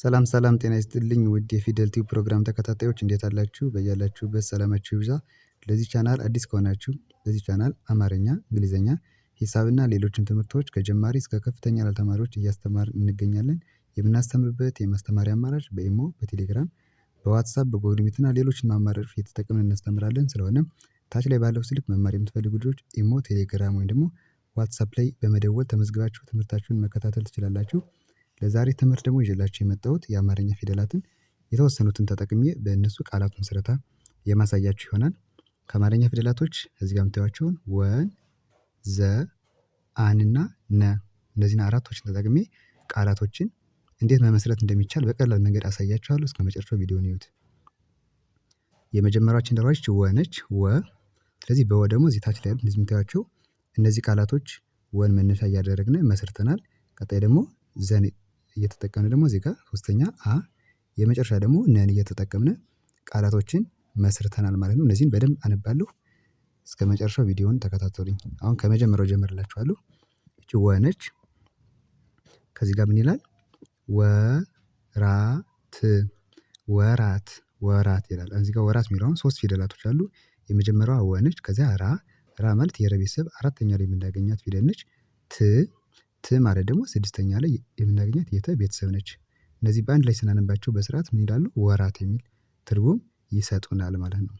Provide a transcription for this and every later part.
ሰላም ሰላም ጤና ይስጥልኝ ውድ የፊደል ቲዩብ ፕሮግራም ተከታታዮች እንዴት አላችሁ በያላችሁበት ሰላማችሁ ይብዛ። ለዚህ ቻናል አዲስ ከሆናችሁ ለዚህ ቻናል አማርኛ እንግሊዘኛ ሂሳብና ሌሎችም ትምህርቶች ከጀማሪ እስከ ከፍተኛ ላልተማሪዎች እያስተማር እንገኛለን። የምናስተምርበት የማስተማሪያ አማራጭ በኢሞ በቴሌግራም በዋትሳፕ በጎግል ሚት ሌሎችን አማራጮች እየተጠቀምን እናስተምራለን። ስለሆነም ታች ላይ ባለው ስልክ መማር የምትፈልጉ ልጆች ኢሞ ቴሌግራም ወይም ደግሞ ዋትሳፕ ላይ በመደወል ተመዝግባችሁ ትምህርታችሁን መከታተል ትችላላችሁ ለዛሬ ትምህርት ደግሞ ይዤላችሁ የመጣሁት የአማርኛ ፊደላትን የተወሰኑትን ተጠቅሜ በእነሱ ቃላት ምስረታ የማሳያችሁ ይሆናል። ከአማርኛ ፊደላቶች እዚህ ጋር የምታዩቸውን ወን፣ ዘ፣ አንና ነ እነዚህን አራቶችን ተጠቅሜ ቃላቶችን እንዴት መመስረት እንደሚቻል በቀላል መንገድ አሳያችኋለሁ። እስከ መጨረሻው ቪዲዮን እዩት። የመጀመሪያችን ደራች ወነች ወ ስለዚህ በወ ደግሞ እዚህ ታች ላይ ያሉት እነዚህ እነዚህ ቃላቶች ወን መነሻ እያደረግን መስርተናል። ቀጣይ ደግሞ ዘን እየተጠቀምን ደግሞ እዚህ ጋር ሶስተኛ አ የመጨረሻ ደግሞ ነን እየተጠቀምን ቃላቶችን መስርተናል ማለት ነው። እነዚህን በደንብ አነባለሁ። እስከ መጨረሻው ቪዲዮን ተከታተሉኝ። አሁን ከመጀመሪያው ጀምርላችኋለሁ። ይቺ ወነች። ከዚህ ጋር ምን ይላል? ወራት ወራት ወራት ይላል። እዚህ ጋር ወራት የሚለውን ሶስት ፊደላቶች አሉ። የመጀመሪያዋ ወነች። ከዚያ ራ ራ ማለት የረ ቤተሰብ አራተኛ ላይ የምናገኛት ፊደል ነች። ት ት ማለት ደግሞ ስድስተኛ ላይ የምናገኛት የተ ቤተሰብ ነች። እነዚህ በአንድ ላይ ስናነባቸው በስርዓት ምን ይላሉ? ወራት የሚል ትርጉም ይሰጡናል ማለት ነው።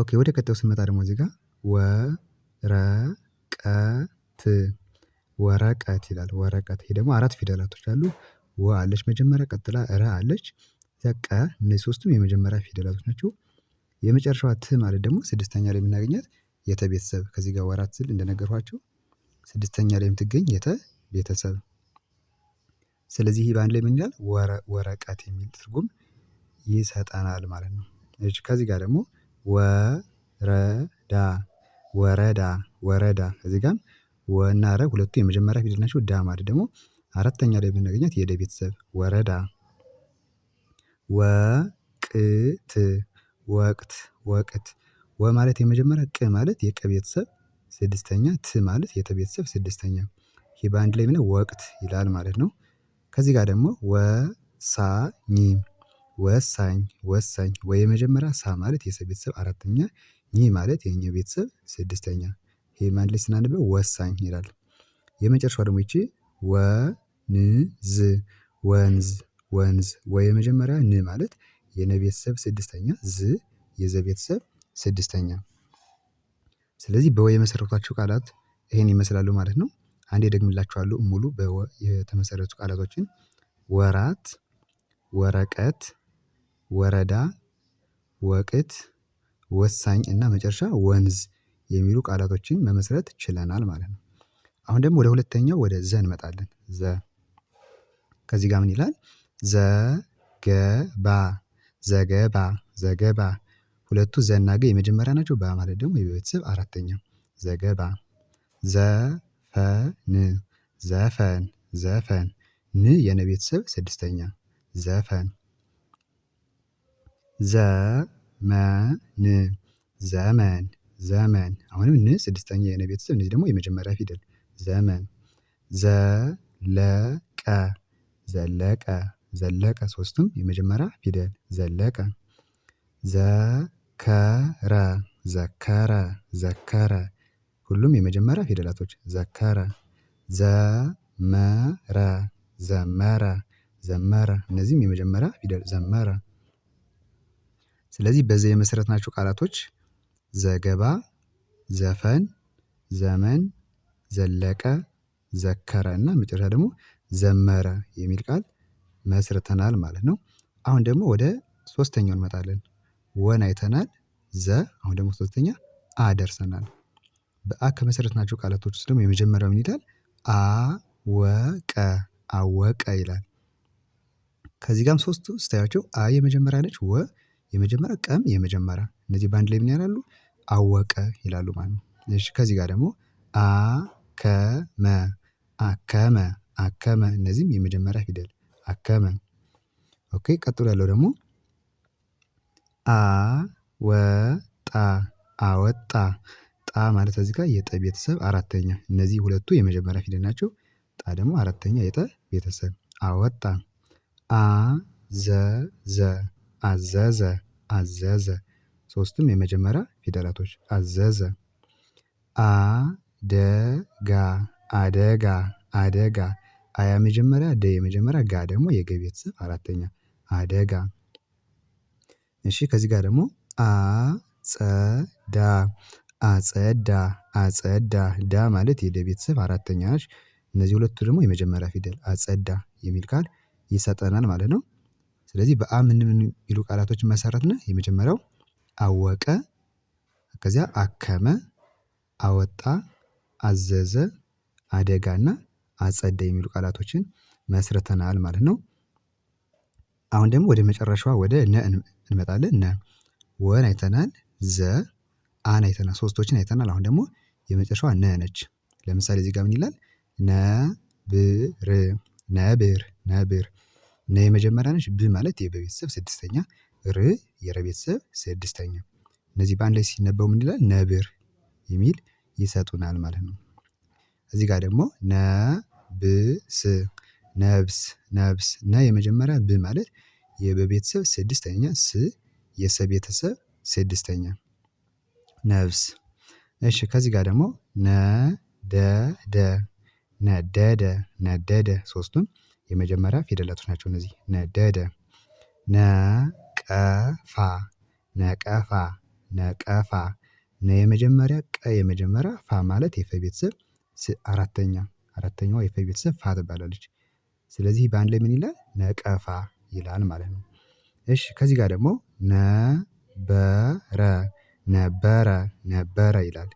ኦኬ ወደ ቀጣዩ ስንመጣ ደግሞ እዚህ ወረቀት ወረቀት ይላል። ወረቀት ይሄ ደግሞ አራት ፊደላቶች አሉ። ወ አለች መጀመሪያ፣ ቀጥላ ረ አለች፣ ቀ። እነዚህ ሶስቱም የመጀመሪያ ፊደላቶች ናቸው። የመጨረሻዋ ት ማለት ደግሞ ስድስተኛ ላይ የምናገኛት የተ ቤተሰብ ከዚህ ጋር ወራት ስል እንደነገርኋቸው ስድስተኛ ላይ የምትገኝ የተ ቤተሰብ። ስለዚህ ይህ በአንድ ላይ ምን ይላል? ወረቀት የሚል ትርጉም ይሰጠናል ማለት ነው። እሺ ከዚህ ጋር ደግሞ ወረዳ ወረዳ ወረዳ እዚህ ጋር ወና ረ ሁለቱ የመጀመሪያ ፊደል ናቸው። ዳ ማለት ደግሞ አራተኛ ላይ ብናገኛት የደ ቤተሰብ ወረዳ። ወቅት ወቅት ወቅት ወ ማለት የመጀመሪያ፣ ቅ ማለት የቀ ቤተሰብ ስድስተኛ ት ማለት የተ ቤተሰብ ስድስተኛ ይሄ በአንድ ላይ ምን ወቅት ይላል ማለት ነው። ከዚህ ጋር ደግሞ ወሳኝ ወሳኝ ወሳኝ ወይ የመጀመሪያ ሳ ማለት የሰ ቤተሰብ አራተኛ ኝ ማለት የኛ ቤተሰብ ስድስተኛ ይሄ በአንድ ላይ ስናነበው ወሳኝ ይላል። የመጨረሻው ደግሞ ይቺ ወንዝ ወንዝ ወንዝ ወይ የመጀመሪያ ን ማለት የነ ቤተሰብ ስድስተኛ ዝ የዘ ቤተሰብ ስድስተኛ ስለዚህ በወ የመሰረቷቸው ቃላት ይሄን ይመስላሉ ማለት ነው። አንዴ ደግምላችኋለሁ ሙሉ በወ የተመሰረቱ ቃላቶችን ወራት፣ ወረቀት፣ ወረዳ፣ ወቅት፣ ወሳኝ እና መጨረሻ ወንዝ የሚሉ ቃላቶችን መመስረት ችለናል ማለት ነው። አሁን ደግሞ ወደ ሁለተኛው ወደ ዘ እንመጣለን። ዘ ከዚህ ጋር ምን ይላል? ዘገባ ዘገባ ዘገባ ሁለቱ ዘናገ የመጀመሪያ ናቸው። ባ ማለት ደግሞ የቤተሰብ አራተኛው። ዘገባ፣ ዘፈን፣ ዘፈን፣ ዘፈን። ን የነ ቤተሰብ ስድስተኛ። ዘፈን። ዘመን፣ ዘመን፣ ዘመን። አሁንም ን ስድስተኛ የነ ቤተሰብ እነዚህ ደግሞ የመጀመሪያ ፊደል ዘመን። ዘለቀ፣ ዘለቀ፣ ዘለቀ። ሶስቱም የመጀመሪያ ፊደል ዘለቀ። ዘከረ ዘከረ ዘከረ ሁሉም የመጀመሪያ ፊደላቶች ዘከረ ዘመረ ዘመረ ዘመረ እነዚህም የመጀመሪያ ፊደል ዘመረ። ስለዚህ የመሰረት የመሰረትናቸው ቃላቶች ዘገባ፣ ዘፈን፣ ዘመን፣ ዘለቀ፣ ዘከረ እና መጨረሻ ደግሞ ዘመረ የሚል ቃል መስርተናል ማለት ነው። አሁን ደግሞ ወደ ሶስተኛው እንመጣለን። ወን አይተናል። ዘ አሁን ደግሞ ሶስተኛ አ ደርሰናል። በአ ከመሰረት ናቸው ቃላቶች ውስጥ ደግሞ የመጀመሪያው ምን ይላል? አወቀ አወቀ ይላል። ከዚህ ጋርም ሶስቱ ስታያቸው አ የመጀመሪያ ነች፣ ወ የመጀመሪያ፣ ቀም የመጀመሪያ። እነዚህ በአንድ ላይ ምን ያላሉ? አወቀ ይላሉ ማለት ነው። እሺ ከዚህ ጋር ደግሞ አከመ አከመ አከመ እነዚህም የመጀመሪያ ፊደል አከመ። ኦኬ ቀጥሎ ያለው ደግሞ አ ወ ጣ አወጣ ጣ ማለት እዚህ ጋር የጠ ቤተሰብ አራተኛ እነዚህ ሁለቱ የመጀመሪያ ፊደል ናቸው። ጣ ደግሞ አራተኛ የጠ ቤተሰብ አወጣ። አ ዘ ዘ አዘዘ አዘዘ ሶስቱም የመጀመሪያ ፊደላቶች አዘዘ። አ ደ ጋ አደጋ አደጋ አያ መጀመሪያ ደ የመጀመሪያ ጋ ደግሞ የገ ቤተሰብ አራተኛ አደጋ እሺ ከዚህ ጋር ደግሞ አጸዳ አጸዳ አጸዳ ዳ ማለት የደ ቤተሰብ አራተኛ ነች። እነዚህ ሁለቱ ደግሞ የመጀመሪያ ፊደል አጸዳ የሚል ቃል ይሰጠናል ማለት ነው። ስለዚህ በአ ምን ምን የሚሉ ቃላቶችን መሰረትነ የመጀመሪያው አወቀ፣ ከዚያ አከመ፣ አወጣ፣ አዘዘ፣ አደጋና አጸዳ የሚሉ ቃላቶችን መስርተናል ማለት ነው። አሁን ደግሞ ወደ መጨረሻዋ ወደ ነ እንመጣለን። ነ ወን አይተናል። ዘ አን አይተናል። ሶስቶችን አይተናል። አሁን ደግሞ የመጨረሻዋ ነ ነች። ለምሳሌ እዚህ ጋር ምን ይላል? ብር ነብር ነብር ነ የመጀመሪያ ነች። ብ ማለት የበቤተሰብ ስድስተኛ፣ ር የረቤተሰብ ስድስተኛ። እነዚህ በአንድ ላይ ሲነበው ምን ይላል? ነብር የሚል ይሰጡናል ማለት ነው። እዚህ ጋር ደግሞ ነብስ ነብስ ነብስ ነ የመጀመሪያ ብ ማለት የበቤተሰብ ስድስተኛ ስ የሰ ቤተሰብ ስድስተኛ ነብስ። እሺ ከዚህ ጋር ደግሞ ነደደ ነደደ ነደደ ሶስቱም የመጀመሪያ ፊደላቶች ናቸው እነዚህ ነደደ። ነቀፋ ነቀፋ ነቀፋ ነ የመጀመሪያ ቀ የመጀመሪያ ፋ ማለት የፈ ቤተሰብ አራተኛ አራተኛዋ የፈ ቤተሰብ ፋ ትባላለች። ስለዚህ በአንድ ላይ ምን ይላል ነቀፋ ይላል ማለት ነው። እሺ ከዚህ ጋር ደግሞ ነበረ ነበረ ነበረ ይላል።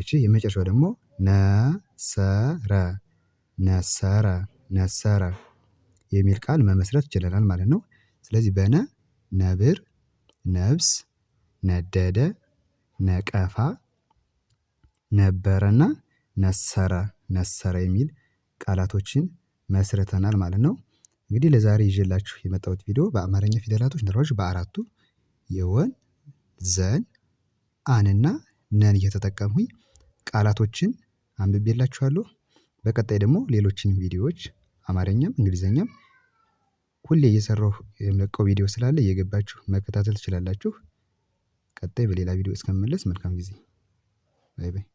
እሺ የመጨረሻው ደግሞ ነሰረ ነሰረ ነሰረ የሚል ቃል መመስረት ችለናል ማለት ነው። ስለዚህ በነ ነብር፣ ነብስ፣ ነደደ፣ ነቀፋ፣ ነበረና ነሰረ ነሰረ የሚል ቃላቶችን መስርተናል ማለት ነው። እንግዲህ ለዛሬ ይዤላችሁ የመጣሁት ቪዲዮ በአማርኛ ፊደላቶች ንድራዎች በአራቱ የወን ዘን አንና ነን እየተጠቀምሁኝ ቃላቶችን አንብቤላችኋለሁ። በቀጣይ ደግሞ ሌሎችን ቪዲዮዎች አማርኛም እንግሊዝኛም ሁሌ እየሰራሁ የምለቀው ቪዲዮ ስላለ እየገባችሁ መከታተል ትችላላችሁ። ቀጣይ በሌላ ቪዲዮ እስከምመለስ መልካም ጊዜ። ባይ ባይ።